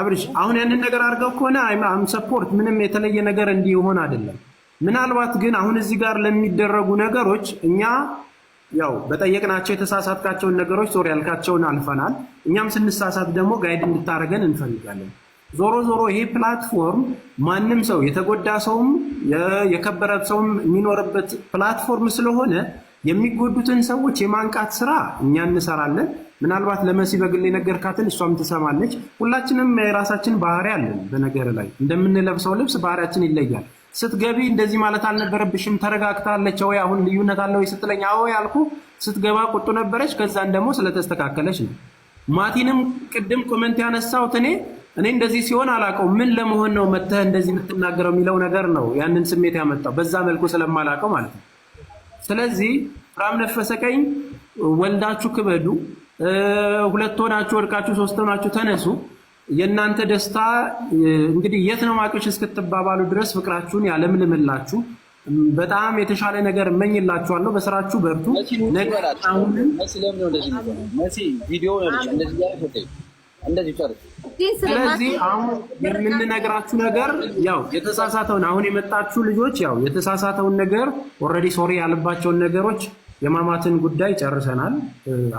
አብርሽ አሁን ያንን ነገር አድርገው ከሆነ አይም ሰፖርት ምንም የተለየ ነገር እንዲሆን አይደለም። ምናልባት ግን አሁን እዚህ ጋር ለሚደረጉ ነገሮች እኛ ያው በጠየቅናቸው የተሳሳትካቸውን ነገሮች ዞር ያልካቸውን አልፈናል። እኛም ስንሳሳት ደግሞ ጋይድ እንድታደርገን እንፈልጋለን። ዞሮ ዞሮ ይሄ ፕላትፎርም ማንም ሰው የተጎዳ ሰውም የከበረ ሰውም የሚኖርበት ፕላትፎርም ስለሆነ የሚጎዱትን ሰዎች የማንቃት ስራ እኛ እንሰራለን። ምናልባት ለመሲ በግል የነገርካትን እሷም ትሰማለች። ሁላችንም የራሳችን ባህሪ አለን። በነገር ላይ እንደምንለብሰው ልብስ ባህሪያችን ይለያል። ስትገቢ እንደዚህ ማለት አልነበረብሽም፣ ተረጋግታለች ወይ አሁን ልዩነት አለ ወይ ስትለኝ አዎ ያልኩ፣ ስትገባ ቁጡ ነበረች። ከዛን ደግሞ ስለተስተካከለች ነው። ማቲንም ቅድም ኮመንት ያነሳሁት እኔ እኔ እንደዚህ ሲሆን አላውቀው ምን ለመሆን ነው መተህ እንደዚህ የምትናገረው የሚለው ነገር ነው ያንን ስሜት ያመጣው በዛ መልኩ ስለማላውቀው ማለት ነው። ስለዚህ ፍራም ነፈሰ ቀኝ ወልዳችሁ ክበዱ። ሁለት ሆናችሁ ወድቃችሁ ሶስት ሆናችሁ ተነሱ። የእናንተ ደስታ እንግዲህ የት ነው ማቀሽ እስክትባባሉ ድረስ ፍቅራችሁን ያለምልምላችሁ። በጣም የተሻለ ነገር እመኝላችኋለሁ። በስራችሁ በርቱ። ስለዚህ አሁን የምንነግራችሁ ነገር ያው የተሳሳተውን አሁን የመጣችሁ ልጆች ያው የተሳሳተውን ነገር ኦልሬዲ ሶሪ ያለባቸውን ነገሮች የማማትን ጉዳይ ጨርሰናል።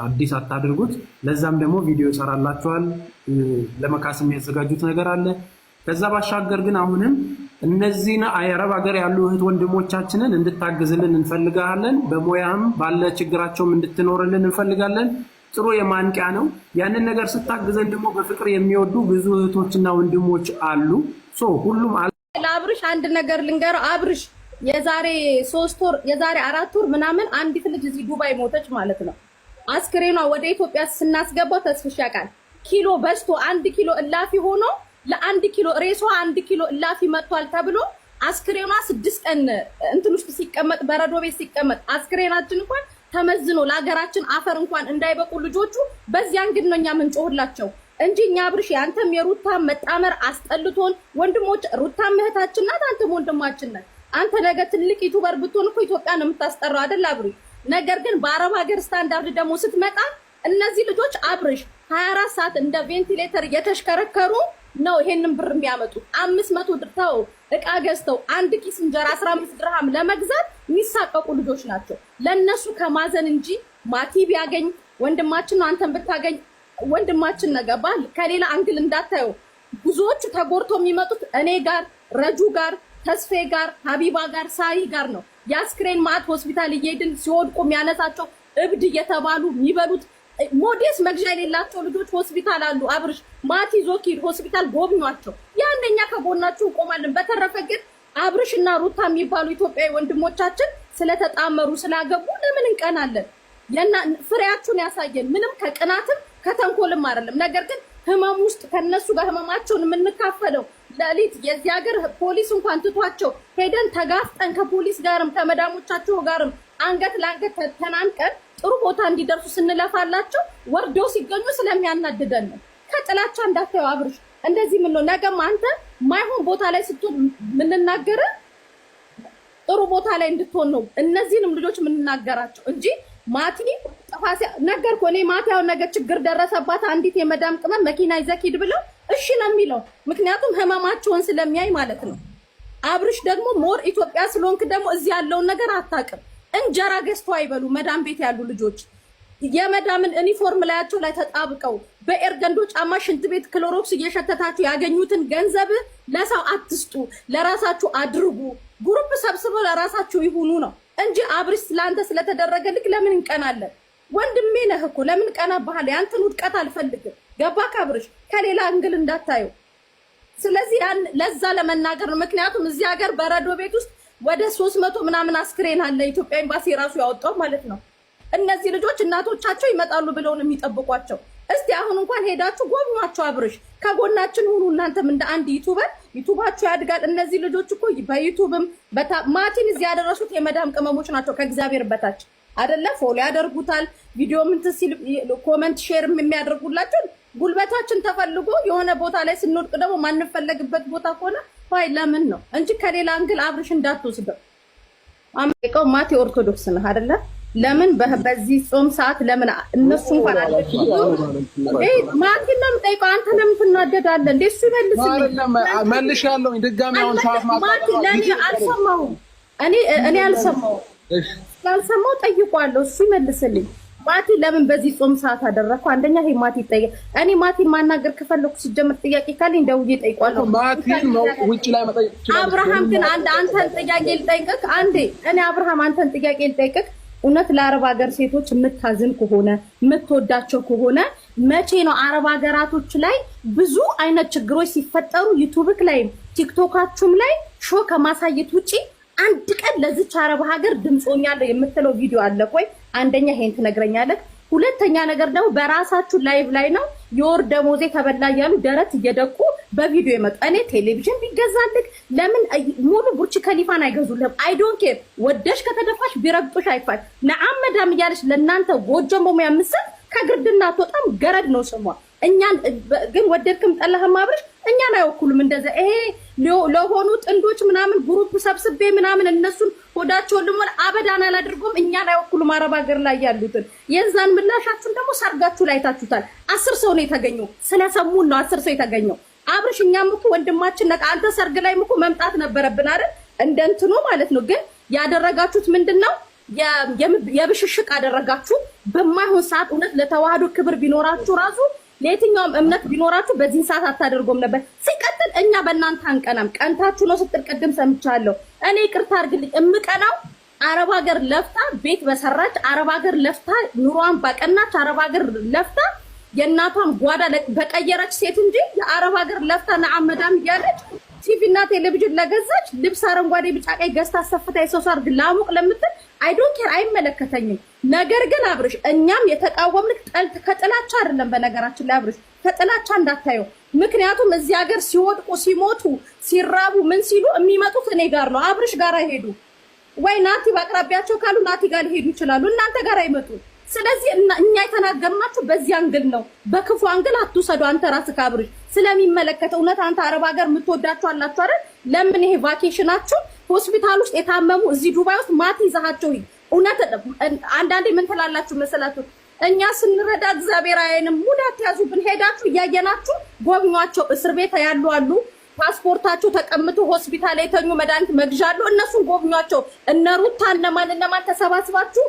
አዲስ አታድርጉት። ለዛም ደግሞ ቪዲዮ ይሰራላችኋል። ለመካስ የሚያዘጋጁት ነገር አለ። ከዛ ባሻገር ግን አሁንም እነዚህን የአረብ ሀገር ያሉ እህት ወንድሞቻችንን እንድታግዝልን እንፈልጋለን። በሙያም ባለ ችግራቸውም እንድትኖርልን እንፈልጋለን። ጥሩ የማንቂያ ነው። ያንን ነገር ስታግዘን ደግሞ በፍቅር የሚወዱ ብዙ እህቶችና ወንድሞች አሉ። ሁሉም አብርሽ፣ አንድ ነገር ልንገረው አብርሽ የዛሬ ሶስት ወር የዛሬ አራት ወር ምናምን አንዲት ልጅ እዚህ ዱባይ ሞተች ማለት ነው። አስክሬኗ ወደ ኢትዮጵያ ስናስገባው ተስፍሽ ያውቃል ኪሎ በዝቶ አንድ ኪሎ እላፊ ሆኖ ለአንድ ኪሎ ሬሷ አንድ ኪሎ እላፊ መጥቷል ተብሎ አስክሬኗ ስድስት ቀን እንትን ውስጥ ሲቀመጥ በረዶ ቤት ሲቀመጥ አስክሬናችን እንኳን ተመዝኖ ለሀገራችን አፈር እንኳን እንዳይበቁ ልጆቹ በዚያን ግን ነው እኛ ምንጮህላቸው እንጂ እኛ ብርሽ አንተም የሩታ መጣመር አስጠልቶን፣ ወንድሞች ሩታ እህታችን ናት፣ አንተም ወንድማችን ናት። አንተ ነገ ትልቅ ዩቱበር ብትሆን እኮ ኢትዮጵያ ነው የምታስጠራው አይደል አብሪ። ነገር ግን በአረብ ሀገር ስታንዳርድ ደግሞ ስትመጣ እነዚህ ልጆች አብርሽ 24 ሰዓት እንደ ቬንቲሌተር እየተሽከረከሩ ነው ይሄንን ብር የሚያመጡ። አምስት መቶ ድርተው እቃ ገዝተው አንድ ኪስ እንጀራ አምስት ድርሃም ለመግዛት የሚሳቀቁ ልጆች ናቸው። ለእነሱ ከማዘን እንጂ ማቲ ቢያገኝ ወንድማችን ነው አንተን ብታገኝ ወንድማችን ነገባል። ከሌላ አንግል እንዳታየው። ብዙዎቹ ተጎድተው የሚመጡት እኔ ጋር ረጁ ጋር ተስፌ ጋር፣ ሀቢባ ጋር፣ ሳሪ ጋር ነው የአስክሬን ማት ሆስፒታል እየሄድን ሲወድቁ የሚያነሳቸው እብድ እየተባሉ የሚበሉት ሞዴስ መግዣ የሌላቸው ልጆች ሆስፒታል አሉ። አብርሽ ማቲ ዞኪድ ሆስፒታል ጎብኟቸው። የአንደኛ ከጎናችሁ እቆማለን። በተረፈ ግን አብርሽ እና ሩታ የሚባሉ ኢትዮጵያዊ ወንድሞቻችን ስለተጣመሩ ስላገቡ ለምን እንቀናለን? ፍሬያችሁን ያሳየን። ምንም ከቅናትም ከተንኮልም አይደለም። ነገር ግን ህመም ውስጥ ከነሱ ጋር ህመማቸውን የምንካፈለው ለሊት የዚህ ሀገር ፖሊስ እንኳን ትቷቸው ሄደን ተጋፍጠን ከፖሊስ ጋርም ከመዳሞቻቸው ጋርም አንገት ለአንገት ተናንቀን ጥሩ ቦታ እንዲደርሱ ስንለፋላቸው ወርደው ሲገኙ ስለሚያናድደን ነው። ከጥላቻ እንዳታየው አብርሽ፣ እንደዚህ ምን ነው ነገም አንተ ማይሆን ቦታ ላይ ስትሆን የምንናገር ጥሩ ቦታ ላይ እንድትሆን ነው። እነዚህንም ልጆች የምንናገራቸው እንጂ ማቲ ጥፋ ነገርኩህ እኔ ማቲ ያው ነገር ችግር ደረሰባት አንዲት የመዳም ቅመም መኪና ይዘኪድ ብለው እሺ ነው የሚለው። ምክንያቱም ህመማቸውን ስለሚያይ ማለት ነው። አብርሽ ደግሞ ሞር ኢትዮጵያ ስለሆንክ ደግሞ እዚህ ያለውን ነገር አታውቅም። እንጀራ ገዝቶ አይበሉ መዳም ቤት ያሉ ልጆች የመዳምን ዩኒፎርም ላያቸው ላይ ተጣብቀው በኤርገንዶ ጫማ ሽንት ቤት ክሎሮክስ እየሸተታችሁ ያገኙትን ገንዘብ ለሰው አትስጡ፣ ለራሳችሁ አድርጉ። ጉሩፕ ሰብስበው ለራሳችሁ ይሁኑ ነው እንጂ አብርሽ ለአንተ ስለተደረገልክ ለምን እንቀናለን? ወንድሜ ነህ እኮ ለምን ቀና ባህል ያንተን ውድቀት አልፈልግም። ገባ ካብርሽ ከሌላ እንግል እንዳታዩ። ስለዚህ ለዛ ለመናገር ነው። ምክንያቱም እዚህ ሀገር በረዶ ቤት ውስጥ ወደ ሶስት መቶ ምናምን አስክሬን አለ ኢትዮጵያ ኤምባሲ ራሱ ያወጣው ማለት ነው። እነዚህ ልጆች እናቶቻቸው ይመጣሉ ብለው የሚጠብቋቸው። እስቲ አሁን እንኳን ሄዳችሁ ጎብኗቸው። አብርሽ ከጎናችን ሁኑ። እናንተም እንደ አንድ ዩቱበር ዩቱባችሁ ያድጋል። እነዚህ ልጆች እኮ በዩቱብም ማቲን እዚህ ያደረሱት የመዳም ቅመሞች ናቸው ከእግዚአብሔር በታች አደለ ፎሎ ያደርጉታል። ቪዲዮ ምንት ሲል ኮመንት ሼርም የሚያደርጉላቸው ጉልበታችን ተፈልጎ የሆነ ቦታ ላይ ስንወድቅ ደግሞ ማንፈለግበት ቦታ ከሆነ ይ ለምን ነው እንጂ ከሌላ እንግል አብርሽ እንዳትወስደው። አሜሪካው ማቴ ኦርቶዶክስ ነህ አደለ? ለምን በዚህ ጾም ሰዓት ለምን እነሱ እንኳን አለ ማቲ ነው የምጠይቀው። አንተ ለምን ትናደዳለህ እንዴ? እሱ ይመልስልኝ። መልሽ ያለውኝ ድጋሚ አሁን ሰዓት ማቲ ለእኔ አልሰማሁም። እኔ እኔ አልሰማሁም። ስላልሰማሁ ጠይቋለሁ። እሱ ይመልስልኝ። ማቲ ለምን በዚህ ጾም ሰዓት አደረግኩ? አንደኛ ይሄ ማቲ ይጠይቅ። እኔ ማቲን ማናገር ከፈለኩ ሲጀምር ጥያቄ ካለኝ ደውዬ እጠይቀዋለሁ። አብርሃም ግን አንድ አንተን ጥያቄ ልጠይቅክ። አንዴ እኔ አብርሃም አንተን ጥያቄ ልጠይቅክ። እውነት ለአረብ ሀገር ሴቶች የምታዝን ከሆነ የምትወዳቸው ከሆነ መቼ ነው አረብ ሀገራቶች ላይ ብዙ አይነት ችግሮች ሲፈጠሩ ዩቱብክ ላይም ቲክቶካችሁም ላይ ሾ ከማሳየት ውጪ አንድ ቀን ለዚች አረብ ሀገር ድምፆኛለሁ የምትለው ቪዲዮ አለ ወይ? አንደኛ ይሄን ትነግረኛለህ። ሁለተኛ ነገር ደግሞ በራሳችሁ ላይቭ ላይ ነው የወር ደሞዜ ተበላ እያሉ ደረት እየደቁ በቪዲዮ የመጣ እኔ ቴሌቪዥን ቢገዛልህ ለምን ሙሉ ቡርች ከሊፋን አይገዙልህም? አይዶን ኬር ወደሽ ከተደፋሽ ቢረግጡሽ አይፋል ለአመዳም እያለች ለእናንተ ጎጆ ሞሞ ምስል ከግርድና አትወጣም። ገረድ ነው ስሟ። እኛን ግን ወደድክም ጠላህም አብረሽ እኛን አይወኩሉም። እንደዛ ይሄ ለሆኑ ጥንዶች ምናምን ግሩፕ ሰብስቤ ምናምን እነሱን ሆዳቸውን ልሞል አበዳን አላድርጎም። እኛን አይወኩሉም። አረብ ሀገር ላይ ያሉትን የዛን ምላሻችን ደግሞ ሰርጋችሁ ላይ ታችሁታል። አስር ሰው ነው የተገኘው። ስለሰሙን ነው አስር ሰው የተገኘው። አብርሽ እኛም እኮ ወንድማችን ነቃ። አንተ ሰርግ ላይ እኮ መምጣት ነበረብን አይደል? እንደ ማለት ነው። ግን ያደረጋችሁት ምንድን ነው? የብሽሽቅ አደረጋችሁ። በማይሆን ሰዓት እውነት ለተዋህዶ ክብር ቢኖራችሁ ራሱ ለየትኛውም እምነት ቢኖራችሁ በዚህን ሰዓት አታደርጎም ነበር። ሲቀጥል እኛ በእናንተ አንቀናም። ቀንታችሁ ነው ስትል ቅድም ሰምቻለሁ። እኔ ቅርታ አድርግልኝ፣ እምቀናው አረብ ሀገር ለፍታ ቤት በሰራች አረብ ሀገር ለፍታ ኑሯን ባቀናች አረብ ሀገር ለፍታ የእናቷን ጓዳ በቀየረች ሴት እንጂ የአረብ ሀገር ለፍታ ነአመዳም እያለች ቲቪ እና ቴሌቪዥን ለገዛች ልብስ አረንጓዴ፣ ቢጫ፣ ቀይ ገዝታ አሰፍታ የሰው ሳርግ ላሙቅ ለምትል አይ ዶንት ኬር አይመለከተኝም። ነገር ግን አብርሽ እኛም የተቃወምንክ ጠልት ከጥላቻ አይደለም። በነገራችን ላይ አብርሽ ከጥላቻ እንዳታየው። ምክንያቱም እዚህ ሀገር ሲወድቁ ሲሞቱ ሲራቡ ምን ሲሉ የሚመጡት እኔ ጋር ነው። አብርሽ ጋር አይሄዱ ወይ ናቲ በአቅራቢያቸው ካሉ ናቲ ጋር ሊሄዱ ይችላሉ። እናንተ ጋር አይመጡ ስለዚህ እኛ የተናገርናችሁ በዚህ አንግል ነው። በክፉ አንግል አትውሰዱ። አንተ ራስ ካብሪ ስለሚመለከተ እውነት አንተ አረብ ሀገር የምትወዳችሁ አላችሁ አይደል? ለምን ይሄ ቫኬሽናችሁ ሆስፒታል ውስጥ የታመሙ እዚህ ዱባይ ውስጥ ማት ይዛሃቸው። እውነት አንዳንዴ ምን ትላላችሁ መሰላችሁ? እኛ ስንረዳ እግዚአብሔር አይንም ሙድ አትያዙብን። ሄዳችሁ እያየናችሁ ጎብኟቸው። እስር ቤት ያሉ አሉ ፓስፖርታቸው ተቀምቶ ሆስፒታል የተኙ መድኃኒት መግዣ አሉ። እነሱን ጎብኟቸው። እነ ሩታ እነማን እነማን ተሰባስባችሁ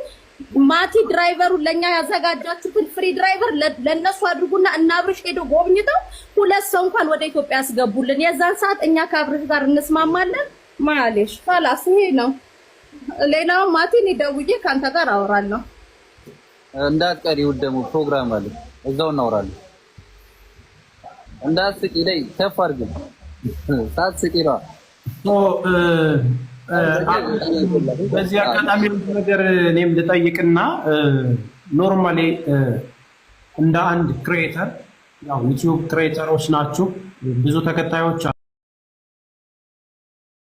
ማቲ ድራይቨሩ ለኛ ያዘጋጃችሁትን ፍሪ ድራይቨር ለእነሱ አድርጉና እናብርሽ ሄዶ ጎብኝተው ሁለት ሰው እንኳን ወደ ኢትዮጵያ ያስገቡልን። የዛን ሰዓት እኛ ከአብርሽ ጋር እንስማማለን። ማሌሽ ፋላስ ይሄ ነው። ሌላው ማቲን ደውዬ ከአንተ ጋር አወራለሁ። እንዳትቀሪ ደግሞ ፕሮግራም አለ፣ እዛው እናወራለን። እንዳትስቂ ላይ ከፍ አድርግም ሳትስቂ በዚህ አጋጣሚ ነገር እኔም ልጠይቅና ኖርማሊ እንደ አንድ ክሬተር ያው ዩቲዩብ ክሬተሮች ናችሁ፣ ብዙ ተከታዮች